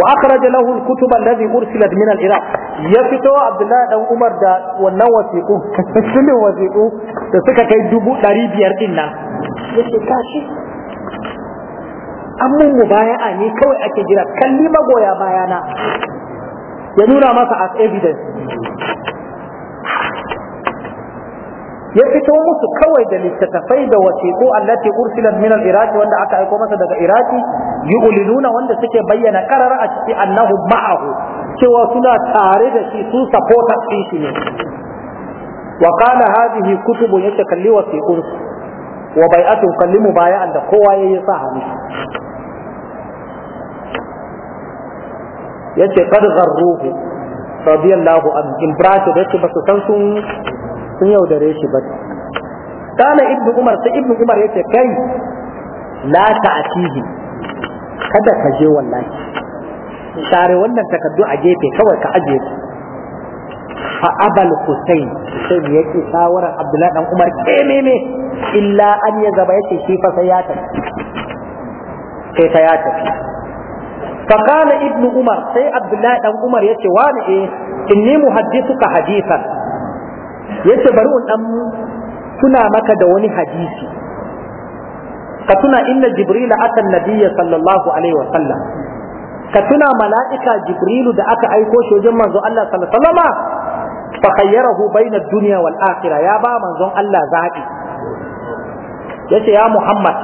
واخرج له الكتب الذي ارسلت من العراق ya fito abdullahi dan umar da wannan wasiƙu kasassunin wasiƙu da suka kai dubu ɗari biyar din nan ya ce tashi an mun mu baya ne kawai ake jira kalli magoya bayana ya nuna masa as evidence ya fito musu kawai da littattafai da wasiƙu allati ursilat min al-iraq wanda aka aiko masa daga iraki yu'linuna wanda suke bayyana qarara a cikin annahu ma'ahu cewa suna tare da shi sun supporter ɗin shi ne wa qala hadhihi kutubu yace kalli wasiqun wa bai'atun kalli mubaya'an da kowa yayi sa hannu yace qad gharruhu radiyallahu an in bracket yace ba su san sun sun yaudare shi ba kana ibnu umar sai ibnu umar yace kai la ta'tihi kada ka je wallahi share wannan takardu a gefe kawai ka aje su fa abal husayn husayn yake shawarar abdullahi dan umar kememe illa an ya zaba yace shi fa sai ya tafi sai fa ya tafi fa kana ibnu umar sai abdullahi dan umar yace wani eh inni muhaddithuka hadithan yace bari un dan tuna maka da wani hadisi ka tuna inna jibril ata nabiyya sallallahu alaihi wa sallam ka tuna mala'ika jibrilu da aka aiko shi wajen manzo Allah sallallahu fa khayyarahu baina duniya wal akhirah ya ba manzon Allah zabi yace ya Muhammad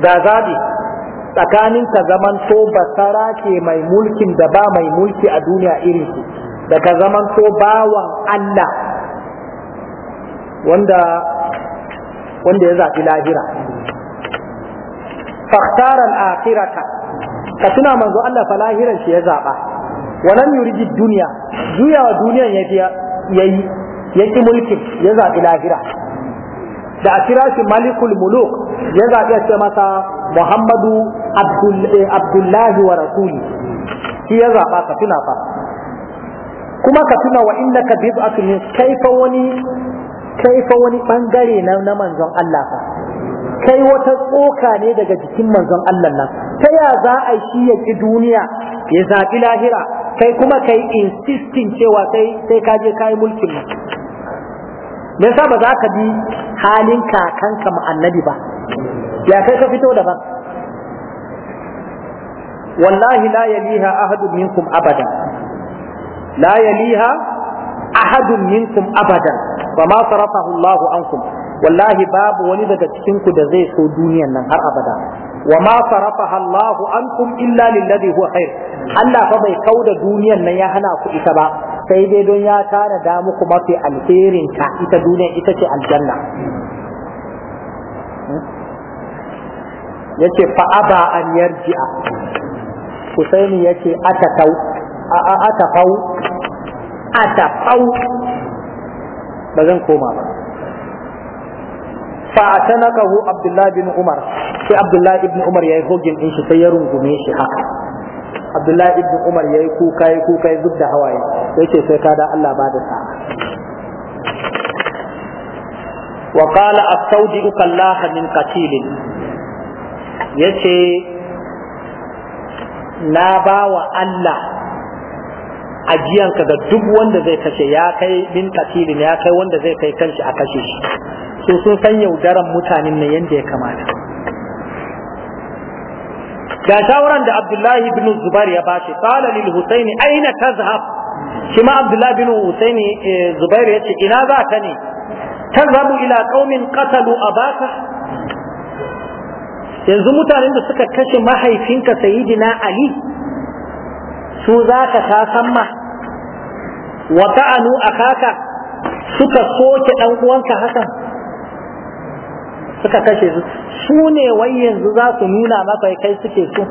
ga zabi tsakanin ka zaman to basara ke mai mulkin da ba mai mulki a duniya irin shi da ka zaman to bawan Allah wanda wanda ya zabi lahira fa akhirar akhirata ka tuna manzo Allah fa lahiran shi ya zaba walam yurji duniya juyawa duniyan ya biya yayi yaki mulkin ya zabi lahira da a kira shi malikul muluk ya zabi ya ce masa muhammadu eh, abdullahi wa rasuli shi ya zaba ka tuna fa kuma ka tuna wa innaka bid'atun min kaifa wani kaifa wani bangare na manzon Allah fa kai wata tsoka ne daga jikin manzon Allah nan ta ya za a shi ya ki duniya ya zaɓi lahira kai kuma kai insistin cewa sai sai ka je kayi mulkin nan me yasa ba za ka bi halin kakanka mu annabi ba ya kai ka fito daban wallahi la yaliha ahadun minkum abada la yaliha ahadun minkum abadan wa ma sarafahu Allah ankum wallahi babu wani daga cikin ku da zai so duniyan nan har abada wa ma sarafaha Allahu ankum illa lillazi huwa khair Allah fa bai kauda duniyar nan ya hana ku ita ba sai dai don ya tara da muku mafi alherin ta ita duniya ita ce aljanna yace fa aba an yarji'a Husaini yace ata kau a ata kau ata kau ba zan koma ba fa atanaqahu abdullahi bin umar sai abdullahi ibn umar yayi hogin din shi sai ya rungume shi haka abdullahi ibn umar yayi kuka yayi kuka ya zubda hawaye yace sai ka da Allah ba da sa'a wa qala astawdi'uka Allah min qatilin yace na ba wa Allah ajiyanka ga duk wanda zai kashe ya kai min katilin ya kai wanda zai kai kanshi a kashe shi to sun san yaudaran mutanen nan yadda ya kamata ga shawaran da abdullahi bin zubair ya bashi qala lil husaini aina tazhab shi ma abdullahi bin husaini eh, zubair ce ina za ka ne tazhabu ila qaumin qatalu abaka yanzu mutanen da suka kashe mahaifinka sayyidina ali su za ka ta samma wa ta'anu akaka suka soke dan uwanka hakan suka kashe su su ne wai yanzu za su nuna maka kai suke su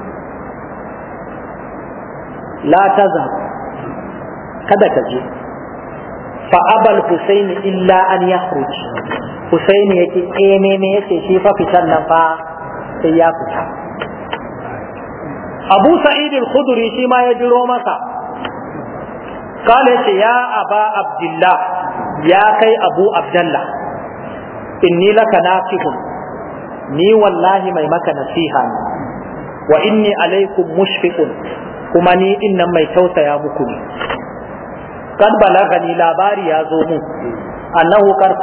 la taza kada ka je fa abal husaini illa an yakhruj husaini yake eh ne ne yake shi fa fitan nan fa sai ya fita abu sa'id al-khudri shi ma ya jiro masa kale ya aba abdullah ya kai abu abdullah inni laka nasihun ni wallahi mai maka nasiha ne wa inni alaikum mushfiqun kuma ni innan mai tausaya muku ne kad balagani labari ya zo mu annahu kar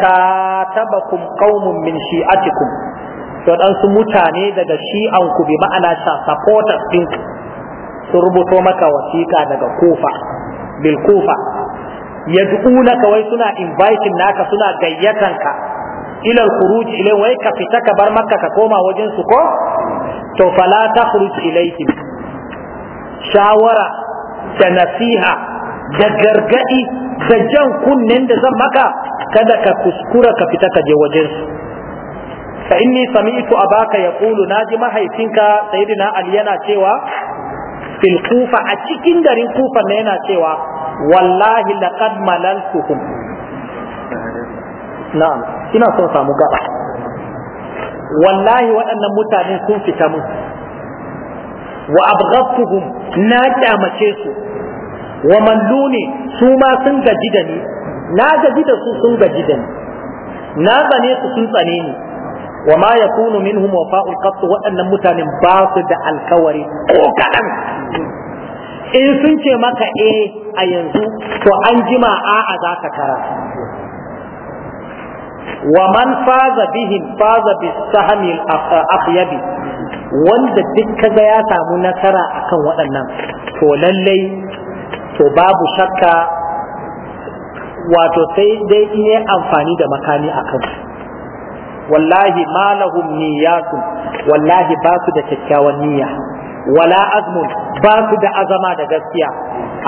qaumun min shi'atikum waɗansu mutane daga shi'an ku bi ma'ana sa supporters din sun rubuto maka wasiƙa daga kufa bil kufa yad'unaka wai suna inviting naka suna gayyatan ka ila al ilai wai ka fita ka bar makka ka koma wajen su ko to fala takhruj ilaihim shawara da nasiha da gargadi da jan kunnen da zan maka kada ka kuskura ka fita ka je wajen su fa inni sami'tu abaka yaqulu naji mahaifinka sayyidina ali yana cewa fil kufa a cikin garin kufa ne yana cewa wallahi laqad malaltukum na'am ina son samu gaba wallahi waɗannan mutane sun fita mun wa abghadtuhum na kyamace su wa malluni su ma sun gaji da ni na gaji da su sun gaji da ni na tsane su sun tsane ni wa ma yakunu minhum wafa'ul qatt waɗannan mutanen ba su da alkawari ko kaɗan in sun ce maka eh a yanzu to an jima a'a za ka kara wa man faza bihin faza bis sahamil akhyabi wanda duk kaga ya samu nasara akan waɗannan to lallai to babu shakka wato sai dai in yi amfani da makami akan wallahi malahum niyyatun wallahi ba su da kyakkyawan niyya wala azmun ba su da azama da gaskiya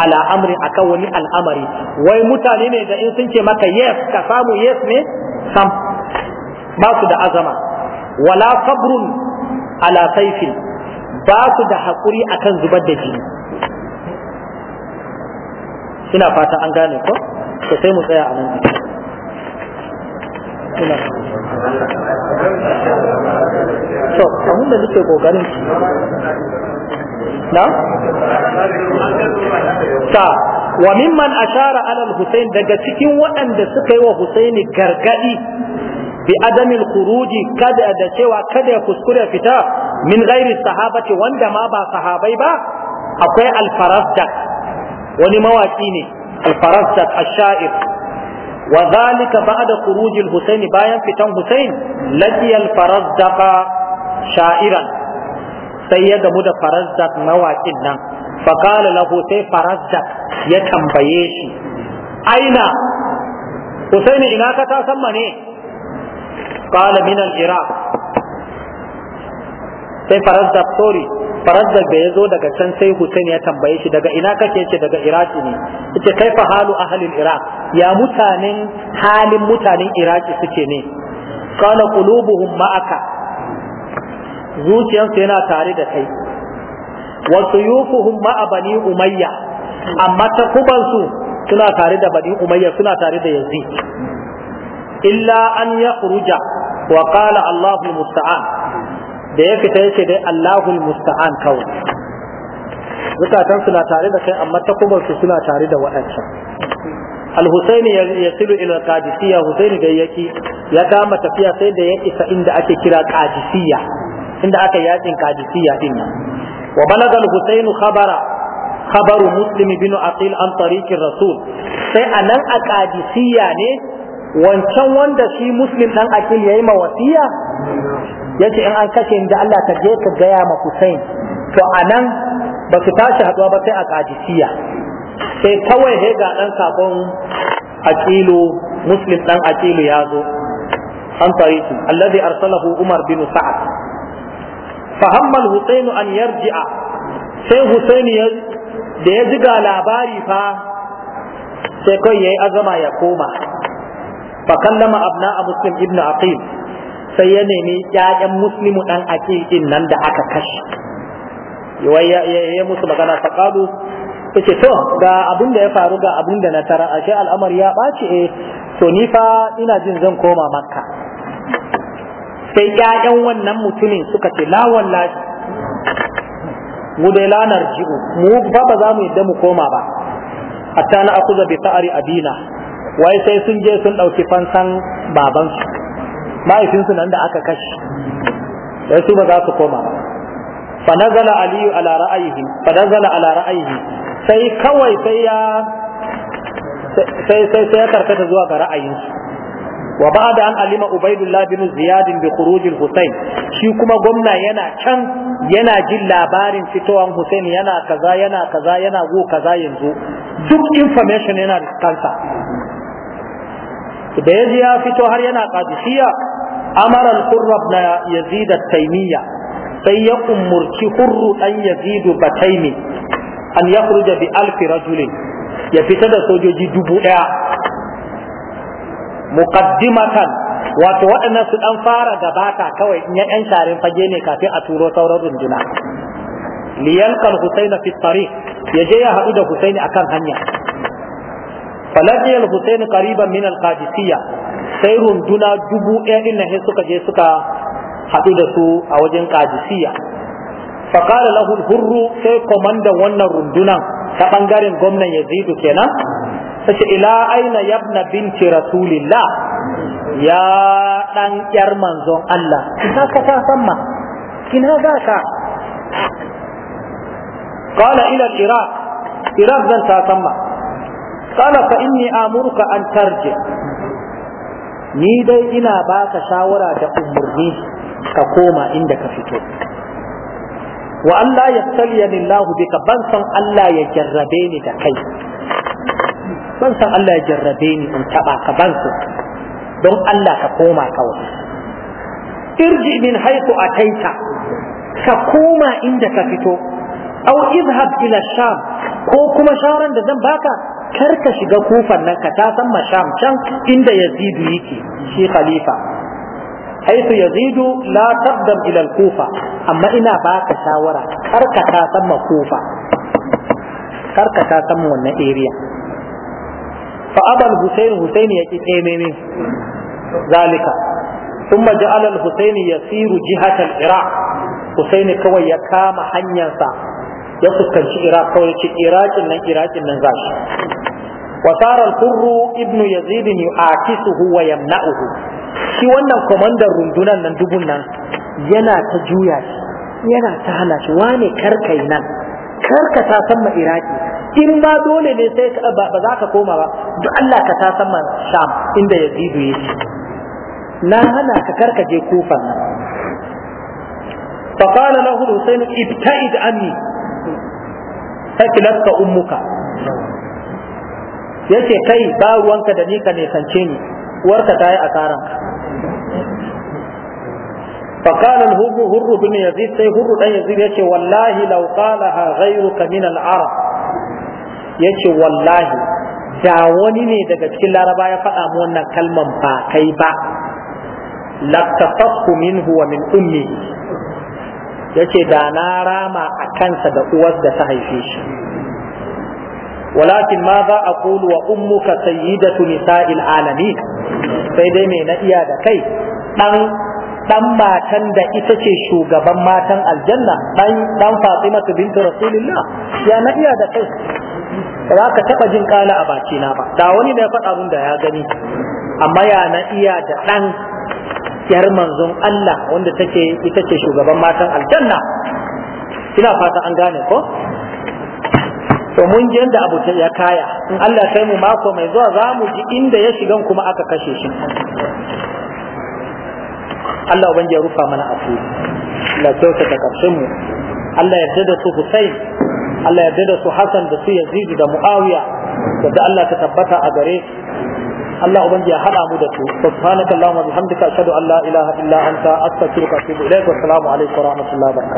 ala amri akan wani al'amari wai mutane ne da in sun ce maka yes ka samu yes ne sam ba su da azama wala sabrun ala saifin ba su da haƙuri akan zubar da jini ina fata an gane ko to sai mu tsaya a nan ina so abin da nake kokarin na ta wa mimman ashara alal Hussein daga cikin waɗanda suka yi wa Husaini gargadi bi adamin kuruji kada da cewa kada ya kuskure fita min ghairi sahabati wanda ma ba sahabai ba akwai al wani mawaki ne al asha'ir ash-sha'ir وذلك kuruji خروج الحسين bayan fitan حسين لقي الفرزدق شاعرا sai ya gamu da farazzak mawaƙin nan faƙala lahu sai farazzak ya tambaye shi aina husaini ina ka ta samma ne ƙala min al-iraq sai farazzak sorry farazzak bai zo daga can sai husaini ya tambaye shi daga ina kake ce daga iraki ne yace fa halu ahlil iraq ya mutanen halin mutanen iraki suke ne qala qulubuhum ma'aka zuciyarsu yana tare da kai wa suyufuhum ma'a bani umayya amma takubansu suna tare da bani umayya suna tare da yanzu. illa an yakhruja wa qala Allahu musta'an da ya fita yace dai Allahu musta'an kawai zukatan suna tare da kai amma takubansu suna tare da waɗancan al-husaini yasilu ila qadisiyya husaini da yaki ya kama tafiya sai da ya isa inda ake kira qadisiyya inda aka yakin kadisiya din nan wa balaga al-husayn khabara khabaru muslim bin aqil an tariqir rasul sai anan a kadisiya ne wancan wanda shi muslim dan aqil yayi ma wasiya yace in an kashe da Allah ta je ka gaya ma Husayn to anan ba su tashi haduwa ba sai a kadisiya sai kawai he ga dan sakon aqilu muslim dan aqilu ya zo an tariqi alladhi arsalahu umar bin sa'ad fahammal husainu an yarji'a sai husaini da ya ji ga labari fa sai kai yayi azama ya koma fa kallama abna muslim ibnu aqil sai ya nemi 'ya'yan muslimu dan aqil din nan da aka kashi. wai ya musu magana fa qalu yace to ga abin da ya faru ga abin da na tara ashe al'amari ya ɓaci eh to ni fa ina jin zan koma makka sai ƴaƴan wannan mutumin suka ce la wallahi mu dai la narji'u mu ba ba za mu yadda mu koma ba hatta na akuza bi ta'ari abina wai sai sun je sun dauki fansan baban su mahaifinsu nan da aka kashe sai su ba za su koma ba fa nazala aliyu ala ra'ayihi fa nazala ala ra'ayihi sai kawai sai ya sai sai sai ya karkata zuwa ga ra'ayinsu wa ba'da an alima ubaidullah bin ziyad bi khuruj al shi kuma gwamna yana can yana jin labarin fitowan husayn yana kaza yana kaza yana go kaza yanzu duk information yana da kansa da yaji ya fito har yana qadisiyya amara al-qurra ibn yazid at-taymiyya sai ya umurci hurru dan yazid bataymi an yakhruja bi alfi rajulin ya fita da sojoji dubu ɗaya. muqaddimatan wato waɗannan su dan fara gabata kawai in yan sharin fage ne kafin a turo sauran runduna Liyalkan husaina fi tariq je ya haɗu da husaini akan hanya falaje al-husain qariban min al sai runduna dubu ɗaya din nan suka je suka haɗu da su a wajen qadisiyya fa qala lahu hurru sai komandan wannan rundunan ta bangaren gwamnan Yazidu kenan tace ila aina yabna binti rasulillah ya dan yar manzon Allah ina ka ta samma kina za ka qala ila iraq iraq zan ta samma qala fa inni amuruka an tarji ni dai ina baka shawara da umurni ka koma inda ka fito wa Allah ya tsaliya lillahu bika ban san Allah ya jarrabe ni da kai ban san Allah ya jarrabe ni in taba ka ban su don Allah ka koma kawai irji min haitu ataita ka koma inda ka fito au izhab ila sham ko kuma sharan da zan baka kar ka shiga kufan nan ka ta san masham can inda yazidu yake shi khalifa haitu yazidu la taqdam ila kufa amma ina baka shawara kar ka ta san kufa kar ka ta san wannan area fa abal husayn husayn ya ki tsememe zalika thumma ja'ala al-husayn yasiru jihat al-iraq husayn kawai ya kama hanyarsa ya fuskanci iraq kawai ya ce iraqin nan iraqin nan zashi wa sara al-qurru ibn yazid yu'akisuhu wa yamna'uhu shi wannan komandan rundunan nan dubun nan yana ta juya shi yana ta hana shi wane karkai nan karkata san ma iraki in ma dole ne sai ba za ka koma ba duk Allah ka ta sama sham inda yazidu yake na hana ka karkaje kufan nan fa qala lahu husayn ibta'id anni takilatka ummuka yace kai ba ruwanka da ni ka kance ni uwarka ta yi asaran فقال الهر bin yazid sai سي هر yazid يزيد يتي والله لو قالها غيرك من العرب يتي wallahi. da wani ne daga cikin laraba ya faɗa mu wannan kalman ba kai ba laktafasku minhu wa min ummi ce da na rama a kansa da uwar da ta haife shi walakin ma za a kulu wa ummuka sayyidatu nisa'il Alami? sai dai mai na iya da kai dan dan matan da ita ce shugaban matan aljanna dan dan Fatimatu bintu Rasulillah ya na iya da kai za ka taɓa jin kana a na ba da wani da ya faɗa mun da ya gani amma ya na iya da ɗan yar manzon Allah wanda take ita ce shugaban matan aljanna ina fata an gane ko to mun ji yadda abu ya kaya in Allah sai mu mako mai zuwa za mu ji inda ya shigan kuma aka kashe shi Allah ban ya rufa mana asiri Allah ya kyautata karshen mu Allah ya yarda da su Hussein Allah yarda da su Hassan da su Yazid da Muawiya da Allah ta tabbata a gare Allah ubangi ya hada mu da su subhanakallahumma bihamdika ashhadu an la ilaha illa anta astaghfiruka wa atubu ilaik wa assalamu alaikum wa rahmatullahi wa barakatuh